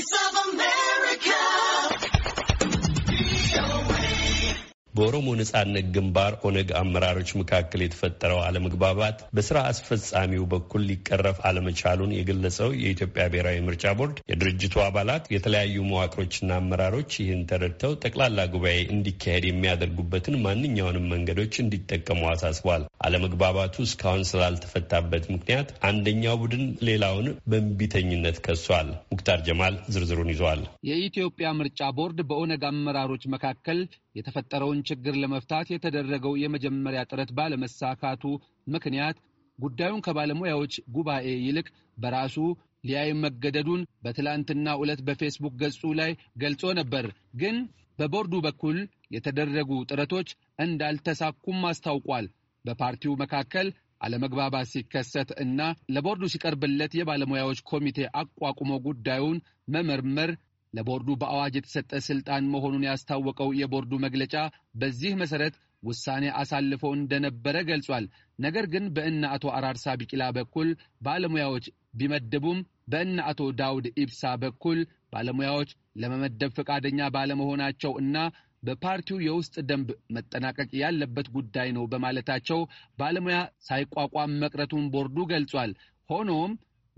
Voice of America. በኦሮሞ ነጻነት ግንባር ኦነግ አመራሮች መካከል የተፈጠረው አለመግባባት በስራ አስፈጻሚው በኩል ሊቀረፍ አለመቻሉን የገለጸው የኢትዮጵያ ብሔራዊ ምርጫ ቦርድ የድርጅቱ አባላት የተለያዩ መዋቅሮችና አመራሮች ይህን ተረድተው ጠቅላላ ጉባኤ እንዲካሄድ የሚያደርጉበትን ማንኛውንም መንገዶች እንዲጠቀሙ አሳስቧል። አለመግባባቱ እስካሁን ስላልተፈታበት ምክንያት አንደኛው ቡድን ሌላውን በንቢተኝነት ከሷል። ሙክታር ጀማል ዝርዝሩን ይዘዋል። የኢትዮጵያ ምርጫ ቦርድ በኦነግ አመራሮች መካከል የተፈጠረውን ችግር ለመፍታት የተደረገው የመጀመሪያ ጥረት ባለመሳካቱ ምክንያት ጉዳዩን ከባለሙያዎች ጉባኤ ይልቅ በራሱ ሊያይ መገደዱን በትላንትና ዕለት በፌስቡክ ገጹ ላይ ገልጾ ነበር። ግን በቦርዱ በኩል የተደረጉ ጥረቶች እንዳልተሳኩም አስታውቋል። በፓርቲው መካከል አለመግባባት ሲከሰት እና ለቦርዱ ሲቀርብለት የባለሙያዎች ኮሚቴ አቋቁሞ ጉዳዩን መመርመር ለቦርዱ በአዋጅ የተሰጠ ስልጣን መሆኑን ያስታወቀው የቦርዱ መግለጫ በዚህ መሰረት ውሳኔ አሳልፎ እንደነበረ ገልጿል። ነገር ግን በእነ አቶ አራርሳ ቢቂላ በኩል ባለሙያዎች ቢመደቡም በእነ አቶ ዳውድ ኢብሳ በኩል ባለሙያዎች ለመመደብ ፈቃደኛ ባለመሆናቸው እና በፓርቲው የውስጥ ደንብ መጠናቀቅ ያለበት ጉዳይ ነው በማለታቸው ባለሙያ ሳይቋቋም መቅረቱን ቦርዱ ገልጿል። ሆኖም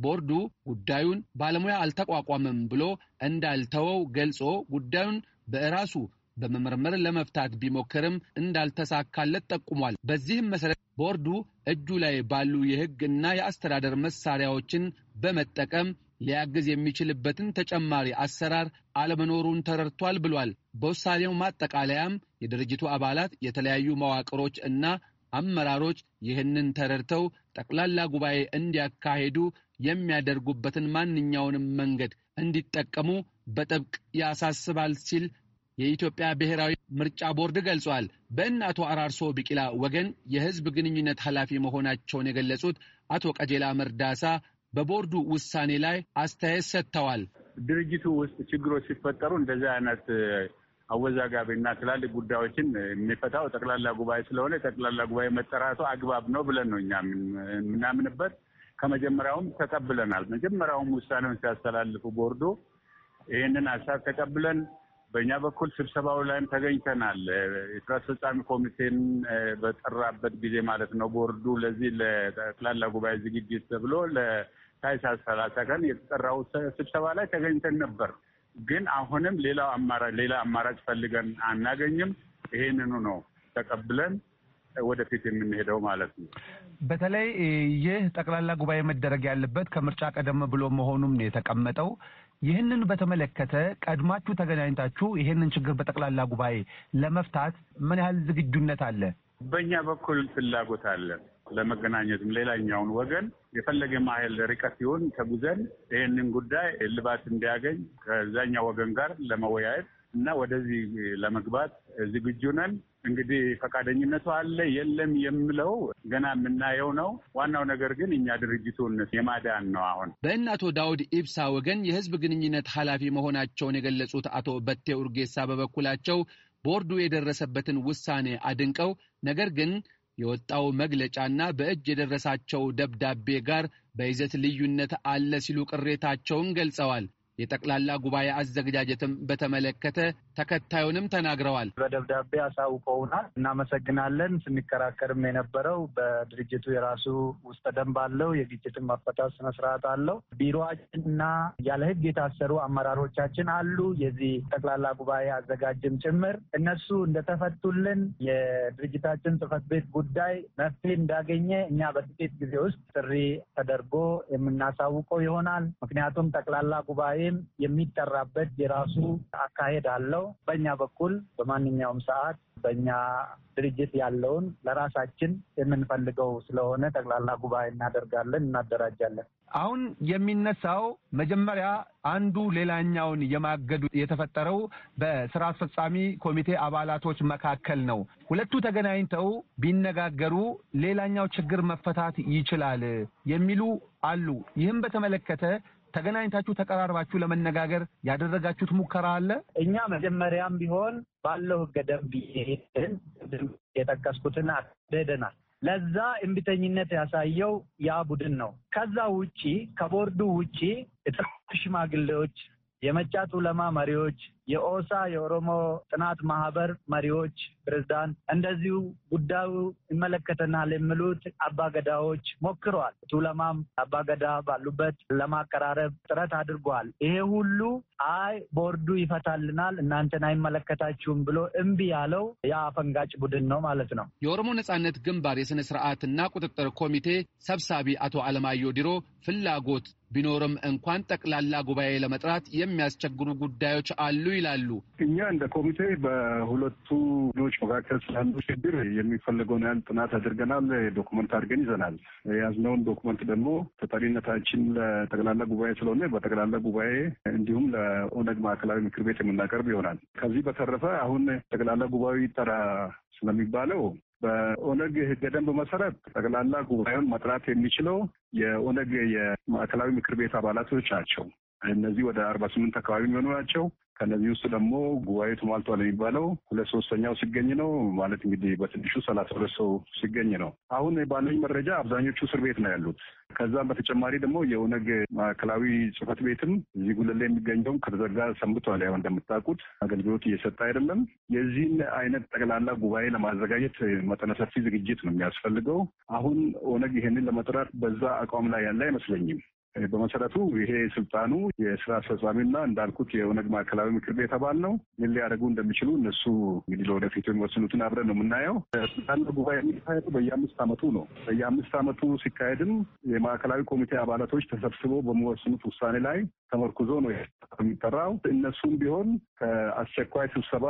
ቦርዱ ጉዳዩን ባለሙያ አልተቋቋመም ብሎ እንዳልተወው ገልጾ ጉዳዩን በራሱ በመመርመር ለመፍታት ቢሞክርም እንዳልተሳካለት ጠቁሟል። በዚህም መሰረት ቦርዱ እጁ ላይ ባሉ የሕግ እና የአስተዳደር መሳሪያዎችን በመጠቀም ሊያግዝ የሚችልበትን ተጨማሪ አሰራር አለመኖሩን ተረድቷል ብሏል። በውሳኔው ማጠቃለያም የድርጅቱ አባላት የተለያዩ መዋቅሮች እና አመራሮች ይህንን ተረድተው ጠቅላላ ጉባኤ እንዲያካሄዱ የሚያደርጉበትን ማንኛውንም መንገድ እንዲጠቀሙ በጥብቅ ያሳስባል ሲል የኢትዮጵያ ብሔራዊ ምርጫ ቦርድ ገልጿል። በእነ አቶ አራርሶ ቢቂላ ወገን የሕዝብ ግንኙነት ኃላፊ መሆናቸውን የገለጹት አቶ ቀጀላ መርዳሳ በቦርዱ ውሳኔ ላይ አስተያየት ሰጥተዋል። ድርጅቱ ውስጥ ችግሮች ሲፈጠሩ እንደዚህ አይነት እና ትላልቅ ጉዳዮችን የሚፈታው ጠቅላላ ጉባኤ ስለሆነ ጠቅላላ ጉባኤ መጠራቱ አግባብ ነው ብለን ነው እኛ የምናምንበት። ከመጀመሪያውም ተቀብለናል። መጀመሪያውም ውሳኔውን ሲያስተላልፉ ቦርዱ ይህንን ሀሳብ ተቀብለን በእኛ በኩል ስብሰባው ላይም ተገኝተናል። የስራ አስፈጻሚ ኮሚቴን በጠራበት ጊዜ ማለት ነው ቦርዱ ለዚህ ለጠቅላላ ጉባኤ ዝግጅት ተብሎ ታህሳስ ሰላሳ ቀን የተጠራው ስብሰባ ላይ ተገኝተን ነበር። ግን አሁንም ሌላው አማራጭ ሌላ አማራጭ ፈልገን አናገኝም። ይሄንኑ ነው ተቀብለን ወደፊት የምንሄደው ማለት ነው። በተለይ ይህ ጠቅላላ ጉባኤ መደረግ ያለበት ከምርጫ ቀደም ብሎ መሆኑም ነው የተቀመጠው። ይህንን በተመለከተ ቀድማችሁ ተገናኝታችሁ ይህንን ችግር በጠቅላላ ጉባኤ ለመፍታት ምን ያህል ዝግጁነት አለ? በእኛ በኩል ፍላጎት አለን። ለመገናኘትም ሌላኛውን ወገን የፈለገ ማይል ርቀት ሲሆን ተጉዘን ይህንን ጉዳይ እልባት እንዲያገኝ ከዛኛው ወገን ጋር ለመወያየት እና ወደዚህ ለመግባት ዝግጁ ነን። እንግዲህ ፈቃደኝነቱ አለ የለም የምለው ገና የምናየው ነው። ዋናው ነገር ግን እኛ ድርጅቱን የማዳን ነው። አሁን በእነ አቶ ዳውድ ኢብሳ ወገን የህዝብ ግንኙነት ኃላፊ መሆናቸውን የገለጹት አቶ በቴ ኡርጌሳ በበኩላቸው ቦርዱ የደረሰበትን ውሳኔ አድንቀው ነገር ግን የወጣው መግለጫና በእጅ የደረሳቸው ደብዳቤ ጋር በይዘት ልዩነት አለ ሲሉ ቅሬታቸውን ገልጸዋል። የጠቅላላ ጉባኤ አዘገጃጀትም በተመለከተ ተከታዩንም ተናግረዋል። በደብዳቤ አሳውቀውናል። እናመሰግናለን። ስንከራከርም የነበረው በድርጅቱ የራሱ ውስጥ ደንብ አለው። የግጭትን ማፈታት ስነስርዓት አለው። ቢሮችንና ያለ ህግ የታሰሩ አመራሮቻችን አሉ። የዚህ ጠቅላላ ጉባኤ አዘጋጅም ጭምር እነሱ እንደተፈቱልን የድርጅታችን ጽህፈት ቤት ጉዳይ መፍትሄ እንዳገኘ እኛ በጥቂት ጊዜ ውስጥ ጥሪ ተደርጎ የምናሳውቀው ይሆናል። ምክንያቱም ጠቅላላ ጉባኤም የሚጠራበት የራሱ አካሄድ አለው። ያለው በእኛ በኩል በማንኛውም ሰዓት በእኛ ድርጅት ያለውን ለራሳችን የምንፈልገው ስለሆነ ጠቅላላ ጉባኤ እናደርጋለን፣ እናደራጃለን። አሁን የሚነሳው መጀመሪያ አንዱ ሌላኛውን የማገዱ የተፈጠረው በስራ አስፈጻሚ ኮሚቴ አባላቶች መካከል ነው። ሁለቱ ተገናኝተው ቢነጋገሩ ሌላኛው ችግር መፈታት ይችላል የሚሉ አሉ። ይህም በተመለከተ ተገናኝታችሁ ተቀራርባችሁ ለመነጋገር ያደረጋችሁት ሙከራ አለ? እኛ መጀመሪያም ቢሆን ባለው ህገ ደንብ የጠቀስኩትን አደደናል። ለዛ እምቢተኝነት ያሳየው ያ ቡድን ነው። ከዛ ውጪ ከቦርዱ ውጪ የጥቁር ሽማግሌዎች፣ የመጫቱ ለማ መሪዎች የኦሳ የኦሮሞ ጥናት ማህበር መሪዎች ፕሬዝዳንት፣ እንደዚሁ ጉዳዩ ይመለከተናል የሚሉት አባገዳዎች ሞክረዋል። ቱለማም አባገዳ ባሉበት ለማቀራረብ ጥረት አድርጓል። ይሄ ሁሉ አይ ቦርዱ ይፈታልናል እናንተን አይመለከታችሁም ብሎ እምቢ ያለው ያ አፈንጋጭ ቡድን ነው ማለት ነው። የኦሮሞ ነጻነት ግንባር የስነ ስርዓትና ቁጥጥር ኮሚቴ ሰብሳቢ አቶ አለማየሁ ዲሮ ፍላጎት ቢኖርም እንኳን ጠቅላላ ጉባኤ ለመጥራት የሚያስቸግሩ ጉዳዮች አሉ ይላሉ። እኛ እንደ ኮሚቴ በሁለቱ ዶች መካከል ስላንዱ ችግር የሚፈለገውን ያህል ጥናት አድርገናል። ዶኩመንት አድርገን ይዘናል። የያዝነውን ዶኩመንት ደግሞ ተጠሪነታችን ለጠቅላላ ጉባኤ ስለሆነ በጠቅላላ ጉባኤ እንዲሁም ለኦነግ ማዕከላዊ ምክር ቤት የምናቀርብ ይሆናል። ከዚህ በተረፈ አሁን ጠቅላላ ጉባኤ ይጠራ ስለሚባለው በኦነግ ህገደንብ ደንብ መሰረት ጠቅላላ ጉባኤውን መጥራት የሚችለው የኦነግ የማዕከላዊ ምክር ቤት አባላቶች ናቸው። እነዚህ ወደ አርባ ስምንት አካባቢ የሚሆኑ ናቸው። ከነዚህ ውስጥ ደግሞ ጉባኤ ተሟልቷል የሚባለው ሁለት ሶስተኛው ሲገኝ ነው ማለት እንግዲህ በትንሹ ሰላሳ ሁለት ሰው ሲገኝ ነው። አሁን ባለኝ መረጃ አብዛኞቹ እስር ቤት ነው ያሉት። ከዛም በተጨማሪ ደግሞ የኦነግ ማዕከላዊ ጽፈት ቤትም እዚህ ጉለላ የሚገኘውም ከተዘጋ ሰንብቷል። ያው እንደምታውቁት አገልግሎት እየሰጠ አይደለም። የዚህን አይነት ጠቅላላ ጉባኤ ለማዘጋጀት መጠነ ሰፊ ዝግጅት ነው የሚያስፈልገው። አሁን ኦነግ ይሄንን ለመጥራት በዛ አቋም ላይ ያለ አይመስለኝም። በመሰረቱ ይሄ ስልጣኑ የስራ አስፈጻሚና እንዳልኩት የኦነግ ማዕከላዊ ምክር ቤት አባል ነው። ምን ሊያደርጉ እንደሚችሉ እነሱ እንግዲህ ለወደፊቱ የሚወስኑትን አብረን ነው የምናየው። ስልጣን ጉባኤ የሚካሄደው በየአምስት ዓመቱ ነው። በየአምስት ዓመቱ ሲካሄድም የማዕከላዊ ኮሚቴ አባላቶች ተሰብስበው በሚወስኑት ውሳኔ ላይ ተመርኩዞ ነው የሚጠራው እነሱም ቢሆን ከአስቸኳይ ስብሰባ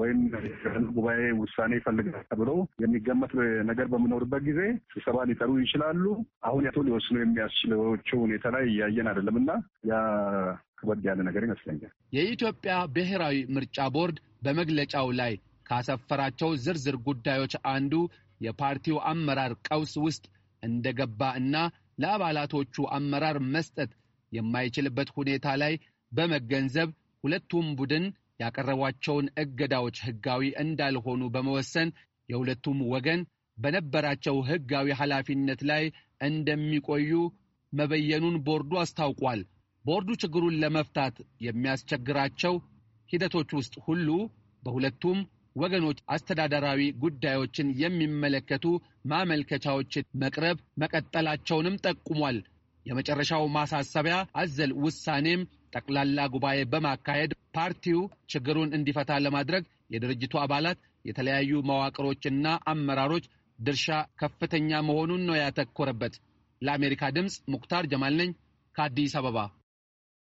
ወይም ጉባኤ ውሳኔ ይፈልጋል ተብሎ የሚገመት ነገር በምኖርበት ጊዜ ስብሰባ ሊጠሩ ይችላሉ። አሁን ያቶ ሊወስኑ የሚያስችላቸው ሁኔታ ላይ እያየን አይደለም እና ያ ከበድ ያለ ነገር ይመስለኛል። የኢትዮጵያ ብሔራዊ ምርጫ ቦርድ በመግለጫው ላይ ካሰፈራቸው ዝርዝር ጉዳዮች አንዱ የፓርቲው አመራር ቀውስ ውስጥ እንደገባ እና ለአባላቶቹ አመራር መስጠት የማይችልበት ሁኔታ ላይ በመገንዘብ ሁለቱም ቡድን ያቀረቧቸውን እገዳዎች ሕጋዊ እንዳልሆኑ በመወሰን የሁለቱም ወገን በነበራቸው ሕጋዊ ኃላፊነት ላይ እንደሚቆዩ መበየኑን ቦርዱ አስታውቋል። ቦርዱ ችግሩን ለመፍታት የሚያስቸግራቸው ሂደቶች ውስጥ ሁሉ በሁለቱም ወገኖች አስተዳደራዊ ጉዳዮችን የሚመለከቱ ማመልከቻዎች መቅረብ መቀጠላቸውንም ጠቁሟል። የመጨረሻው ማሳሰቢያ አዘል ውሳኔም ጠቅላላ ጉባኤ በማካሄድ ፓርቲው ችግሩን እንዲፈታ ለማድረግ የድርጅቱ አባላት፣ የተለያዩ መዋቅሮችና አመራሮች ድርሻ ከፍተኛ መሆኑን ነው ያተኮረበት። ለአሜሪካ ድምፅ ሙክታር ጀማል ነኝ ከአዲስ አበባ።